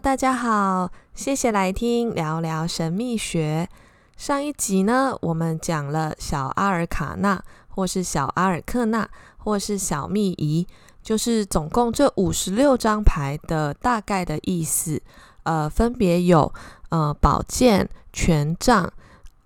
大家好，謝謝來聽聊聊神秘學。上一集呢，我們講了小阿爾卡納，或是小阿爾克納，或是小秘儀，就是總共這五十六張牌的大概的意思。呃，分別有呃寶劍、權杖、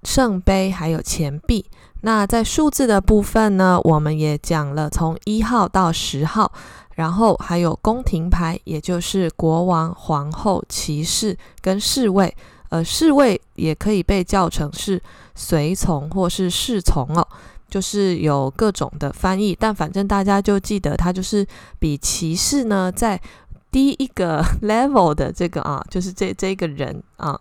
聖杯，還有錢幣。那在數字的部分呢，我們也講了從一號到十號。然後還有宮廷牌，也就是國王、皇後、騎士跟侍衛。呃，侍衛也可以被叫成是隨從或是侍從哦，就是有各種的翻譯。但反正大家就記得，他就是比騎士呢在低一個 level 的這個啊，就是這這個人啊。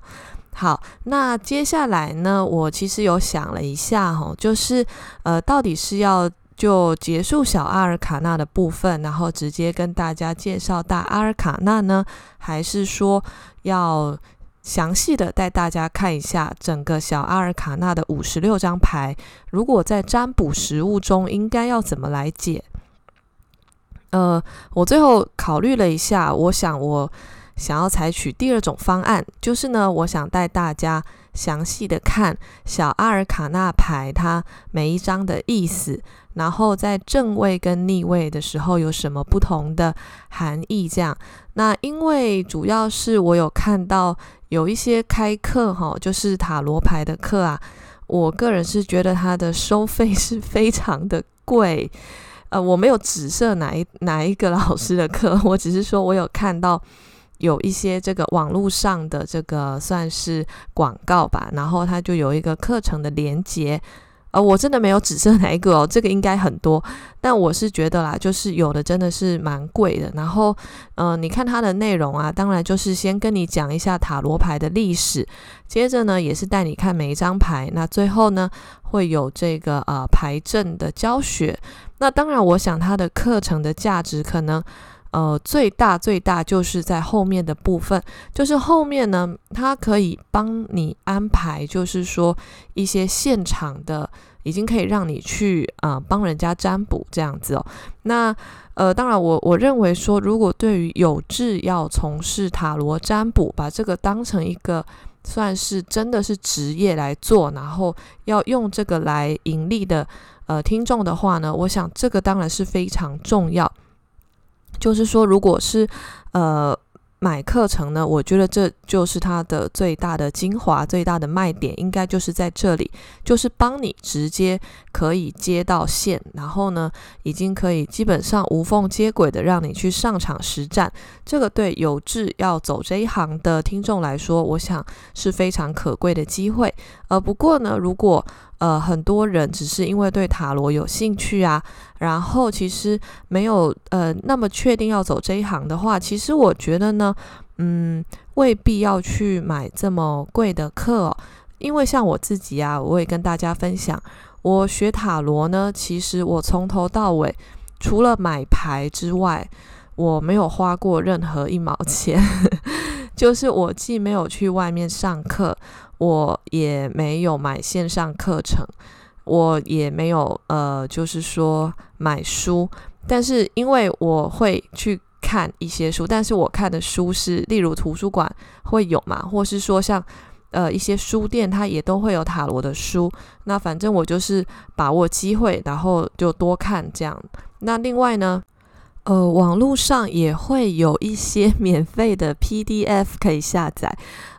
好，那接下來呢，我其實有想了一下哈、哦，就是呃，到底是要。就結束小阿爾卡納的部分，然後直接跟大家介紹大阿爾卡納呢？還是說要詳細的帶大家看一下整個小阿爾卡納的五十六張牌？如果在占卜實務中應該要怎麼來解？呃，我最後考慮了一下，我想我想要採取第二種方案，就是呢，我想帶大家。詳細的看小阿爾卡納牌，它每一張的意思，然後在正位跟逆位的時候有什麼不同的含義？這樣，那因為主要是我有看到有一些開課哈、哦，就是塔羅牌的課啊，我個人是覺得它的收費是非常的貴，呃，我沒有指涉哪一哪一個老師的課，我只是說我有看到。有一些這個網絡上的這個算是廣告吧，然後它就有一個課程的連接，呃，我真的沒有指是哪一個哦，這個應該很多，但我是覺得啦，就是有的真的是蠻貴的，然後，嗯、呃，你看它的內容啊，當然就是先跟你講一下塔羅牌的歷史，接着呢也是帶你看每一張牌，那最後呢會有這個呃牌陣的教學，那當然我想它的課程的價值可能。呃，最大最大就是在後面的部分，就是後面呢，它可以幫你安排，就是說一些現場的，已經可以讓你去啊、呃、幫人家占卜這樣子哦。那呃，當然我我認為說，如果對於有志要從事塔羅占卜，把這個當成一個算是真的是職業來做，然後要用這個來盈利的呃聽眾的話呢，我想這個當然是非常重要。就是說，如果是呃買課程呢，我覺得這就是它的最大的精華、最大的賣點，應該就是在這裡，就是幫你直接可以接到線，然後呢，已經可以基本上無縫接軌的讓你去上場實戰。這個對有志要走這一行的聽眾來說，我想是非常可貴的機會。呃，不過呢，如果呃很多人只是因為對塔羅有興趣啊。然後其實沒有呃那麼確定要走這一行的話，其實我覺得呢，嗯，未必要去買這麼貴的課哦。因為像我自己啊，我也跟大家分享，我學塔羅呢，其實我從頭到尾除了買牌之外，我沒有花過任何一毛錢。 就是我既沒有去外面上課，我也沒有買線上課程。我也沒有呃，就是說買書，但是因為我會去看一些書，但是我看的書是例如圖書館會有嘛，或是說像呃一些書店它也都會有塔羅的書。那反正我就是把握機會，然後就多看這樣。那另外呢，呃，網絡上也會有一些免費的 PDF 可以下載，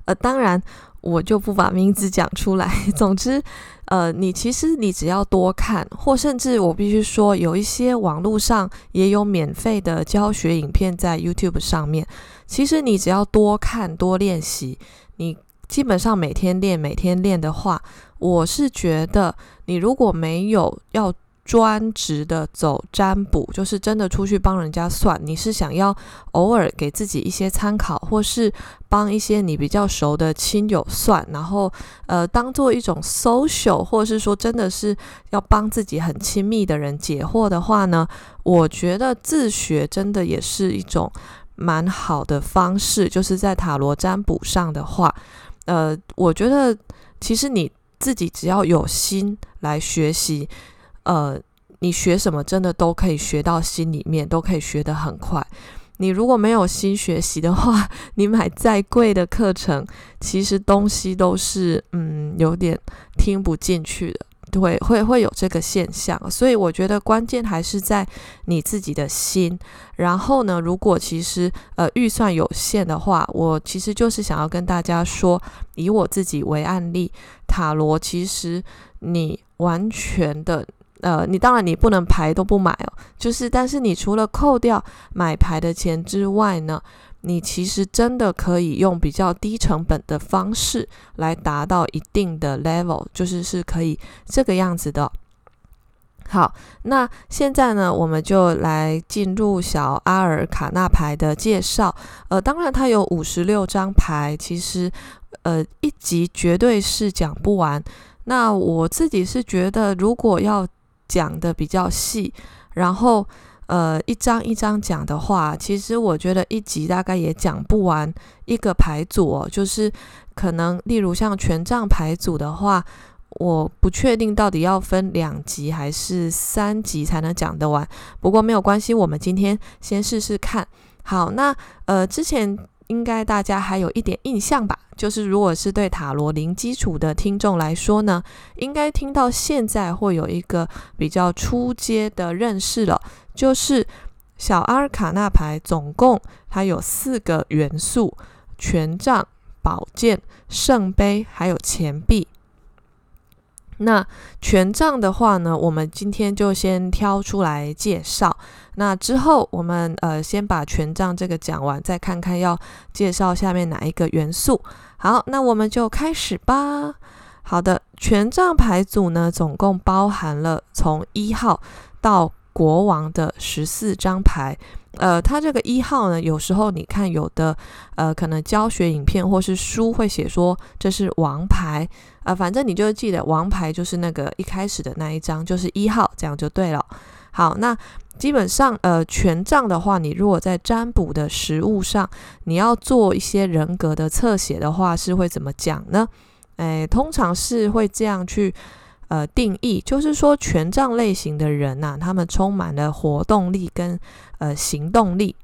呃，當然我就不把名字講出來。總之。呃，你其實你只要多看，或甚至我必須說，有一些網絡上也有免費的教學影片在 YouTube 上面。其實你只要多看，多練習，你基本上每天練，每天練的話，我是覺得你如果沒有要。專職的走占卜，就是真的出去幫人家算。你是想要偶爾給自己一些參考，或是幫一些你比較熟的親友算，然後呃當做一種 social，或者是說真的是要幫自己很親密的人解惑的話呢？我覺得自學真的也是一種蠻好的方式。就是在塔羅占,占卜上的話，呃，我覺得其實你自己只要有心來學習。呃，你學什麼真的都可以學到心裡面，都可以學得很快。你如果沒有心學習的話，你買再貴的課程，其實東西都是嗯有點聽不進去的，對，會會有這個現象。所以我覺得關鍵還是在你自己的心。然後呢，如果其實呃預算有限的話，我其實就是想要跟大家說，以我自己為案例，塔羅其實你完全的。呃，你當然你不能牌都不買哦，就是但是你除了扣掉買牌的錢之外呢，你其實真的可以用比較低成本的方式來達到一定的 level，就是是可以這個樣子的哦。好，那現在呢，我們就來進入小阿爾卡納牌的介紹。呃，當然它有五十六張牌，其實呃一集絕對是講不完。那我自己是覺得，如果要講的比較細，然後呃，一張一張講的話，其實我覺得一集大概也講不完一個牌組哦，就是可能例如像權杖牌組的話，我不確定到底要分兩集還是三集才能講得完。不過沒有關係，我們今天先試試看。好，那呃，之前。應該大家還有一點印象吧？就是如果是對塔羅零基礎的聽眾來說呢，應該聽到現在會有一個比較初階的認識了。就是小阿爾卡納牌總共它有四個元素：權杖、寶劍、聖杯，還有錢幣。那權杖的話呢，我們今天就先挑出來介紹。那之後我們呃先把權杖這個講完，再看看要介紹下面哪一個元素。好，那我們就開始吧。好的，權杖牌組呢，總共包含了從一號到國王的十四張牌。呃，它這個一號呢，有時候你看有的，呃，可能教學影片或是書會寫說，這是王牌，啊、呃，反正你就記得王牌就是那個一開始的那一張，就是一號，這樣就對了。好，那基本上，呃，權杖的話，你如果在占卜的實務上，你要做一些人格的側寫的話，是會怎麼講呢？誒，通常是會這樣去。呃，定義就是說，權杖類型的人吶、啊，他們充滿了活動力跟呃行動力，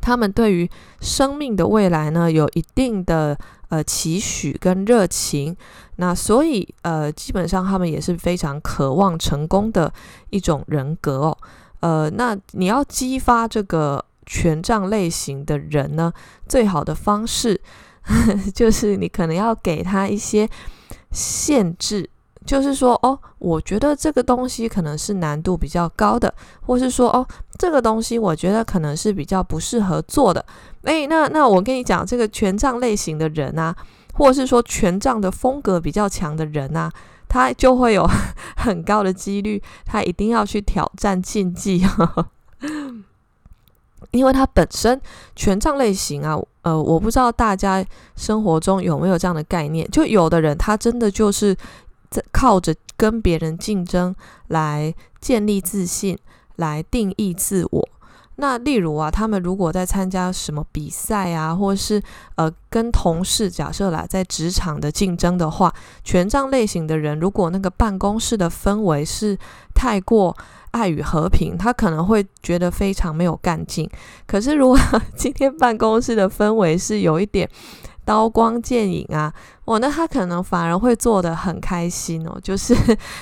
他們對於生命的未來呢，有一定的呃期許跟熱情。那所以呃，基本上他們也是非常渴望成功的一種人格哦。呃，那你要激發這個權杖類型的人呢，最好的方式呵呵就是你可能要給他一些限制。就是說哦，我覺得這個東西可能是難度比較高的，或是說哦，這個東西我覺得可能是比較不適合做的。誒，那那我跟你講，這個權杖類型的人啊，或是說權杖的風格比較強的人啊，他就會有很高的幾率，他一定要去挑戰禁忌。因為他本身權杖類型啊，呃，我不知道大家生活中有沒有這樣的概念，就有的人他真的就是。靠着跟別人競爭來建立自信，來定義自我。那例如啊，他們如果在參加什麼比賽啊，或是呃跟同事假設啦，在職場的競爭的話，權杖類型的人如果那個辦公室的氛圍是太過愛與和平，他可能會覺得非常沒有幹勁。可是如果今天辦公室的氛圍是有一點，刀光劍影啊，我、哦、呢，他可能反而會做得很開心哦，就是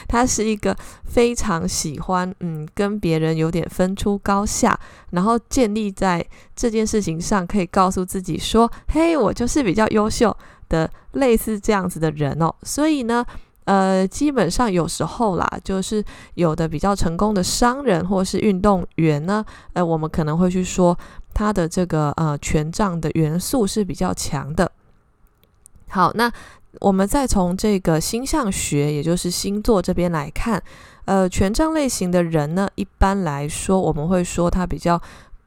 他是一個非常喜歡，嗯，跟別人有點分出高下，然後建立在這件事情上，可以告訴自己說，嘿，我就是比較優秀的，類似這樣子的人哦，所以呢。呃，基本上有時候啦，就是有的比較成功的商人或是運動員呢，呃，我們可能會去說他的這個呃權杖的元素是比較強的。好，那我們再從這個星象學，也就是星座這邊來看，呃，權杖類型的人呢，一般來說我們會說他比較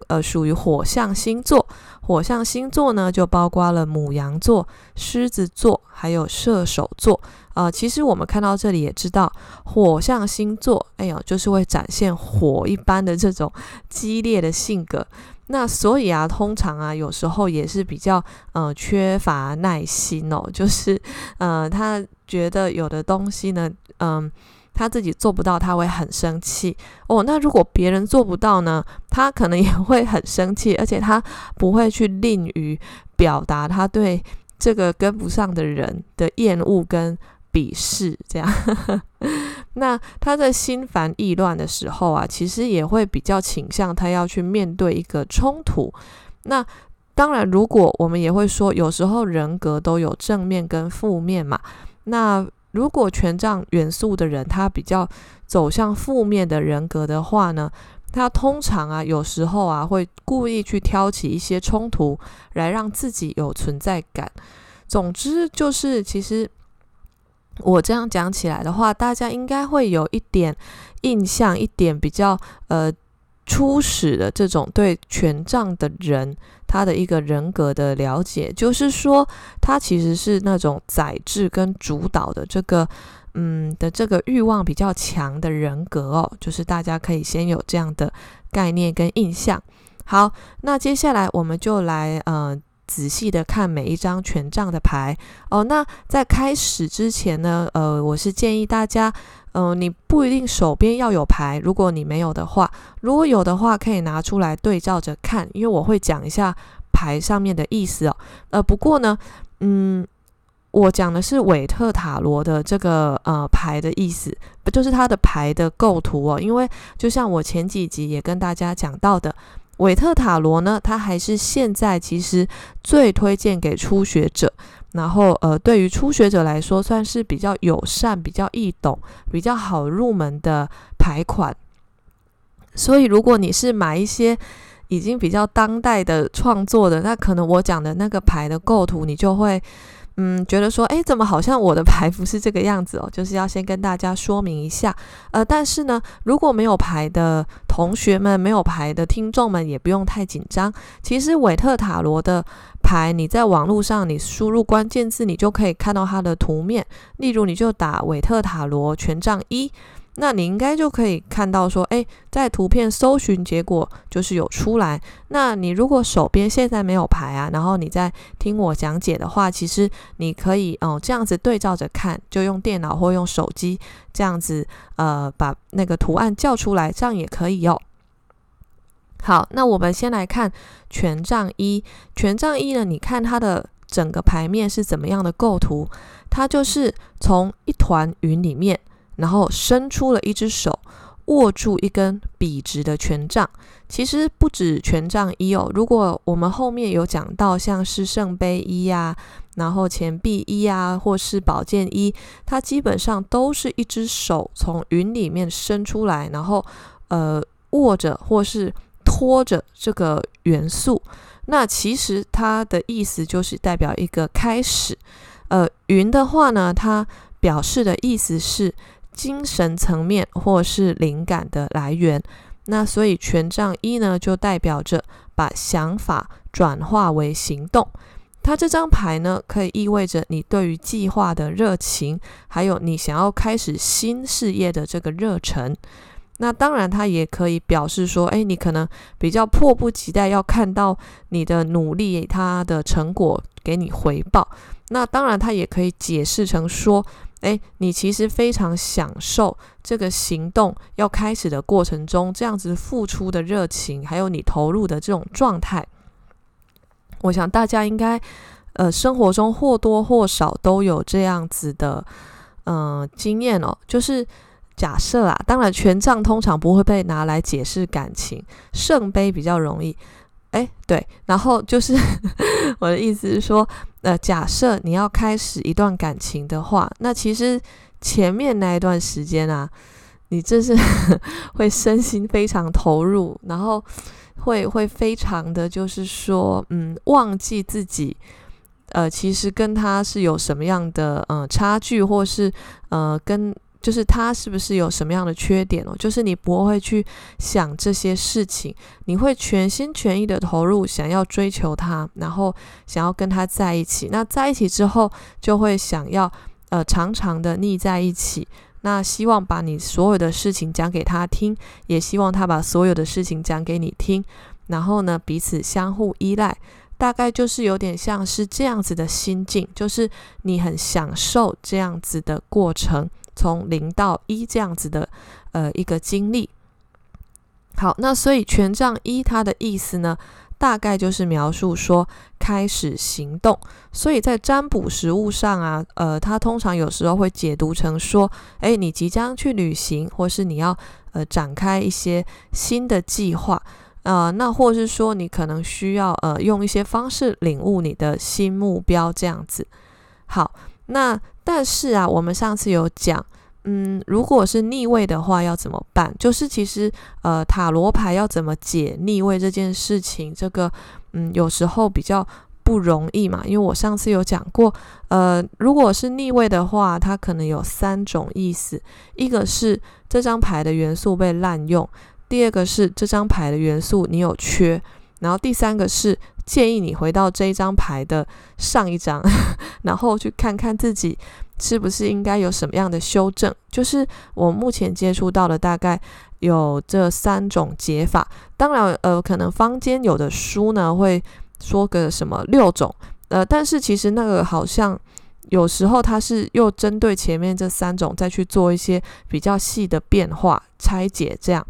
呃屬於火象星座。火象星座呢，就包括了牡羊座、獅子座，還有射手座。啊、呃，其實我們看到這裡也知道，火象星座，哎呦，就是會展現火一般的這種激烈的性格。那所以啊，通常啊，有時候也是比較呃缺乏耐心哦，就是呃，他覺得有的東西呢，嗯、呃，他自己做不到，他會很生氣哦。那如果別人做不到呢，他可能也會很生氣，而且他不會去吝於表達他對這個跟不上的人的厭惡跟。鄙視這樣， 那他在心煩意亂的時候啊，其實也會比較傾向他要去面對一個衝突。那當然，如果我們也會說，有時候人格都有正面跟負面嘛。那如果權杖元素的人，他比較走向負面的人格的話呢，他通常啊，有時候啊，會故意去挑起一些衝突來讓自己有存在感。總之，就是其實。我這樣講起來的話，大家應該會有一點印象，一點比較呃初始的這種對權杖的人他的一個人格的了解，就是說他其實是那種宰制跟主導的這個嗯的這個欲望比較強的人格哦，就是大家可以先有這樣的概念跟印象。好，那接下來我們就來嗯。呃仔細的看每一張權杖的牌哦。那在開始之前呢，呃，我是建議大家，嗯、呃，你不一定手邊要有牌，如果你沒有的話，如果有的話，可以拿出來對照着看，因為我會講一下牌上面的意思哦。呃，不過呢，嗯，我講的是韋特塔羅的這個呃牌的意思，不就是它的牌的構圖哦。因為就像我前幾集也跟大家講到的。韋特塔羅呢，它還是現在其實最推薦給初學者，然後呃，對於初學者來說，算是比較友善、比較易懂、比較好入門的牌款。所以，如果你是買一些已經比較當代的創作的，那可能我講的那個牌的構圖，你就會。嗯，覺得說，哎，怎麼好像我的牌不是這個樣子哦？就是要先跟大家說明一下，呃，但是呢，如果沒有牌的同學們，沒有牌的聽眾們，也不用太緊張。其實韋特塔羅的。牌，你在網絡上你輸入關鍵字，你就可以看到它的圖面。例如，你就打“韋特塔羅權杖一”，那你應該就可以看到說，哎、欸，在圖片搜尋結果就是有出來。那你如果手邊現在沒有牌啊，然後你在聽我講解的話，其實你可以哦、嗯、這樣子對照着看，就用電腦或用手機這樣子，呃，把那個圖案叫出來，這樣也可以哦。好，那我們先來看權杖一。權杖一呢？你看它的整個牌面是怎麼樣的構圖？它就是從一團雲裡面，然後伸出了一隻手，握住一根筆直的權杖。其實不止權杖一哦，如果我們後面有講到，像是聖杯一呀，啊，然後錢幣一呀，啊，或是寶劍一，它基本上都是一隻手從雲裡面伸出來，然後呃握着，或是。托著這個元素，那其實它的意思就是代表一個開始。呃，雲的話呢，它表示的意思是精神層面或是靈感的來源。那所以權杖一呢，就代表着把想法轉化為行動。它這張牌呢，可以意味着你對於計劃的熱情，還有你想要開始新事業的這個熱忱。那當然，他也可以表示說，哎，你可能比較迫不及待要看到你的努力，他的成果給你回報。那當然，他也可以解釋成說，哎，你其實非常享受這個行動要開始的過程中，這樣子付出的熱情，還有你投入的這種狀態。我想大家應該，呃，生活中或多或少都有這樣子的，嗯、呃，經驗哦，就是。假設啊，當然權杖通常不會被拿來解釋感情，聖杯比較容易。哎，對，然後就是 我的意思是說，呃，假設你要開始一段感情的話，那其實前面那一段時間啊，你真是會身心非常投入，然後會會非常的就是說，嗯，忘記自己，呃，其實跟他是有什麼樣的嗯、呃、差距，或是呃跟。就是他是不是有什麼樣的缺點哦？就是你不會去想這些事情，你會全心全意的投入，想要追求他，然後想要跟他在一起。那在一起之後，就會想要呃，常常的膩在一起。那希望把你所有的事情講給他聽，也希望他把所有的事情講給你聽。然後呢，彼此相互依賴，大概就是有點像是這樣子的心境，就是你很享受這樣子的過程。從零到一這樣子的，呃，一個經歷。好，那所以權杖一它的意思呢，大概就是描述說開始行動。所以在占卜實務上啊，呃，它通常有時候會解讀成說，哎，你即將去旅行，或是你要呃展開一些新的計劃啊、呃，那或是說你可能需要呃用一些方式領悟你的新目標這樣子。好。那但是啊，我們上次有講，嗯，如果是逆位的話要怎麼辦？就是其實呃，塔羅牌要怎麼解逆位這件事情，這個嗯，有時候比較不容易嘛。因為我上次有講過，呃，如果是逆位的話，它可能有三種意思：一個是這張牌的元素被濫用，第二個是這張牌的元素你有缺，然後第三個是。建議你回到這一張牌的上一張，然後去看看自己是不是應該有什麼樣的修正。就是我目前接觸到了大概有這三種解法，當然，呃，可能坊間有的書呢會說個什麼六種，呃，但是其實那個好像有時候它是又針對前面這三種再去做一些比較細的變化，拆解這樣。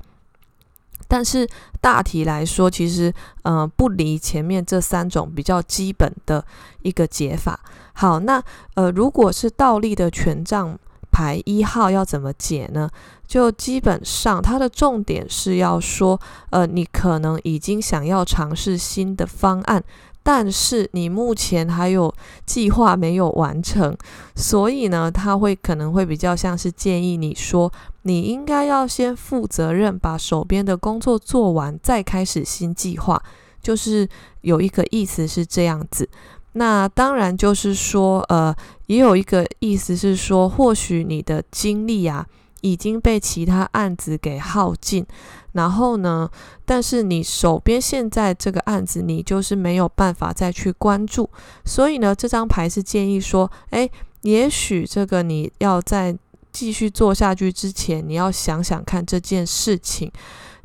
但是大體來說，其實呃不離前面這三種比較基本的一個解法。好，那呃如果是倒立的權杖牌一號要怎麼解呢？就基本上它的重點是要說，呃你可能已經想要嘗試新的方案。但是你目前還有計劃沒有完成，所以呢，他會可能會比較像是建議你說，你應該要先負責任，把手邊的工作做完，再開始新計劃。就是有一個意思是這樣子。那當然就是說，呃，也有一個意思是說，或許你的精力啊已經被其他案子給耗盡。然後呢，但是你手邊現在這個案子，你就是沒有辦法再去關注。所以呢，這張牌是建議說，誒，也許這個你要再繼續做下去之前，你要想想看這件事情，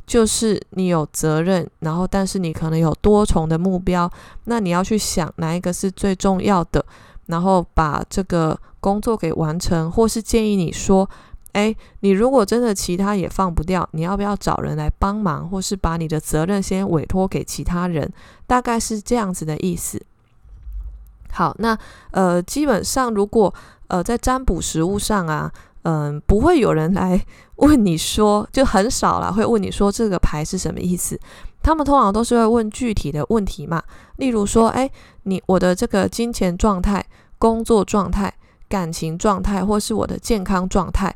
就是你有責任，然後但是你可能有多重的目標，那你要去想哪一個是最重要的，然後把這個工作給完成，或是建議你說。誒，你如果真的其他也放不掉，你要不要找人來幫忙，或是把你的責任先委托給其他人？大概是這樣子的意思。好，那呃，基本上如果呃在占卜實務上啊，嗯、呃，不會有人來問你說，就很少啦，會問你說這個牌是什麼意思。他們通常都是會問具體的問題嘛，例如說，誒，你我的這個金錢狀態、工作狀態、感情狀態，或是我的健康狀態。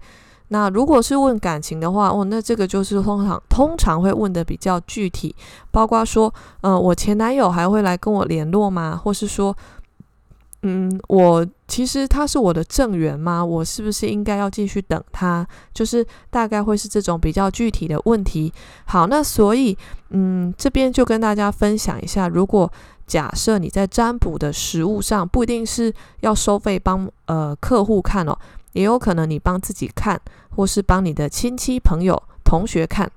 那如果是問感情的話，哦，那這個就是通常通常會問的比較具體，包括說，嗯、呃，我前男友還會來跟我聯絡嗎？或是說，嗯，我其實他是我的正緣嗎？我是不是應該要繼續等他？就是大概會是這種比較具體的問題。好，那所以，嗯，這邊就跟大家分享一下，如果假設你在占卜的實務上不一定是要收費幫呃客戶看哦。也有可能你幫自己看，或是幫你的親戚、朋友、同學看，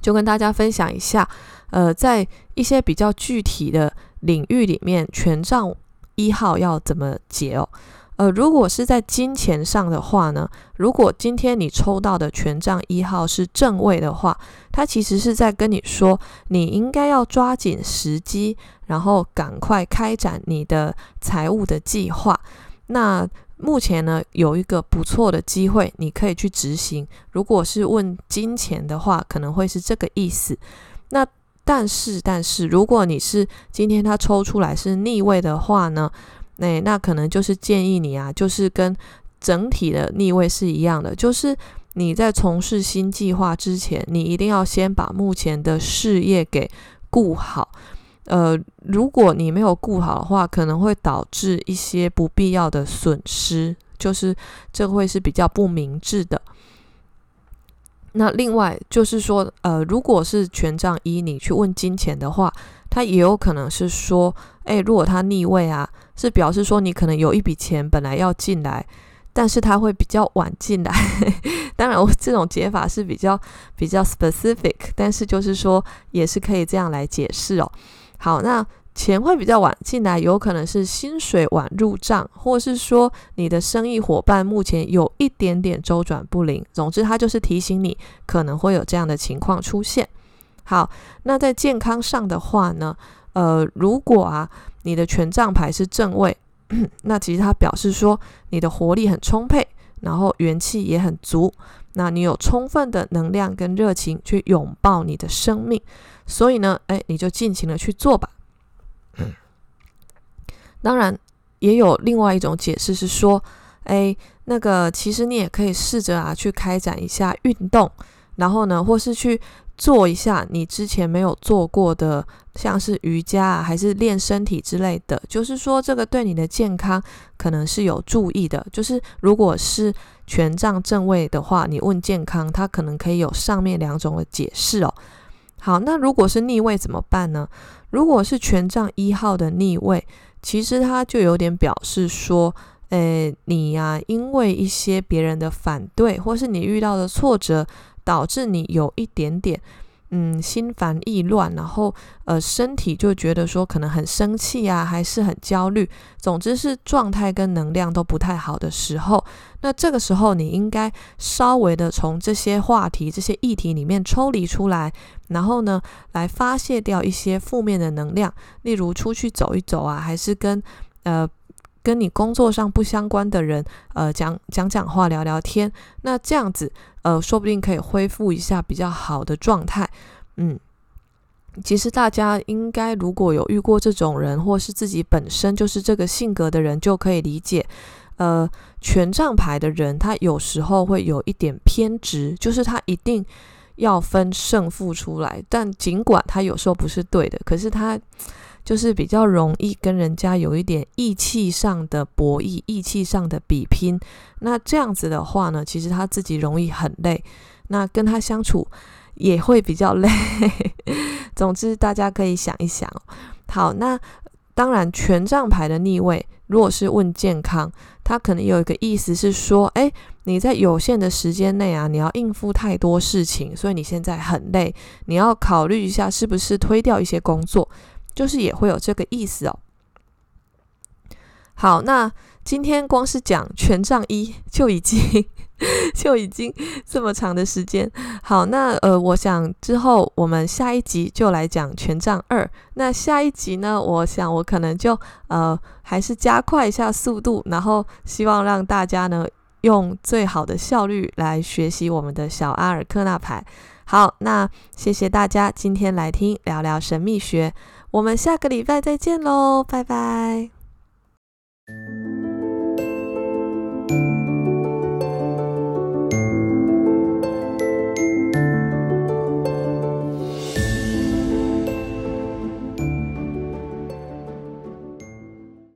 就跟大家分享一下。呃，在一些比較具體的領域裡面，權杖一號要怎麼解哦？呃，如果是在金錢上的話呢？如果今天你抽到的權杖一號是正位的話，它其實是在跟你說，你應該要抓緊時機，然後趕快開展你的財務的計劃。那目前呢，有一個不錯的機會，你可以去執行。如果是問金錢的話，可能會是這個意思。那但是但是，如果你是今天他抽出來是逆位的話呢，那、哎、那可能就是建議你啊，就是跟整體的逆位是一樣的，就是你在從事新計劃之前，你一定要先把目前的事業給顧好。呃，如果你沒有顧好的話，可能會導致一些不必要的損失，就是這會是比較不明智的。那另外就是說，呃，如果是權杖一，你去問金錢的話，他也有可能是說，哎，如果他逆位啊，是表示說你可能有一筆錢本來要進來，但是他會比較晚進來。 當然，我這種解法是比較比較 specific，但是就是說也是可以這樣來解釋哦。好，那錢會比較晚進來，有可能是薪水晚入賬，或是說你的生意夥伴目前有一點點周轉不靈。總之，他就是提醒你可能會有這樣的情況出現。好，那在健康上的話呢，呃，如果啊你的權杖牌是正位，那其實他表示說你的活力很充沛。然後元氣也很足，那你有充分的能量跟熱情去擁抱你的生命，所以呢，哎，你就盡情的去做吧。嗯。當然，也有另外一種解釋是說，哎，那個其實你也可以試着啊去開展一下運動，然後呢，或是去。做一下你之前沒有做過的，像是瑜伽啊，還是練身體之類的，就是說這個對你的健康可能是有助益的。就是如果是權杖正位的話，你問健康，它可能可以有上面兩種的解釋哦。好，那如果是逆位怎麼辦呢？如果是權杖一號的逆位，其實它就有點表示說，誒，你呀、啊，因為一些別人的反對，或是你遇到的挫折。導致你有一點點，嗯，心煩意亂，然後呃，身體就覺得說可能很生氣啊，還是很焦慮，總之是狀態跟能量都不太好的時候。那這個時候，你應該稍微的從這些話題、這些議題裡面抽離出來，然後呢，來發洩掉一些負面的能量，例如出去走一走啊，還是跟呃，跟你工作上不相關的人，呃，講講講話，聊聊天，那這樣子，呃，說不定可以恢復一下比較好的狀態。嗯，其實大家應該如果有遇過這種人，或是自己本身就是這個性格的人，就可以理解。呃，權杖牌的人，他有時候會有一點偏執，就是他一定要分勝負出來，但儘管他有時候不是對的，可是他。就是比較容易跟人家有一點意氣上的博弈，意氣上的比拼。那這樣子的話呢，其實他自己容易很累，那跟他相處也會比較累。 總之，大家可以想一想。好，那當然，權杖牌的逆位，如果是問健康，它可能有一個意思是說：誒、欸，你在有限的時間內啊，你要應付太多事情，所以你現在很累。你要考慮一下，是不是推掉一些工作。就是也會有這個意思哦。好，那今天光是講權杖一就已經 就已經這麼長的時間。好，那呃，我想之後我們下一集就來講權杖二。那下一集呢，我想我可能就呃還是加快一下速度，然後希望讓大家呢用最好的效率來學習我們的小阿爾克納牌。好，那謝謝大家今天來聽聊聊神秘學。我們下個禮拜再見嘍，拜拜。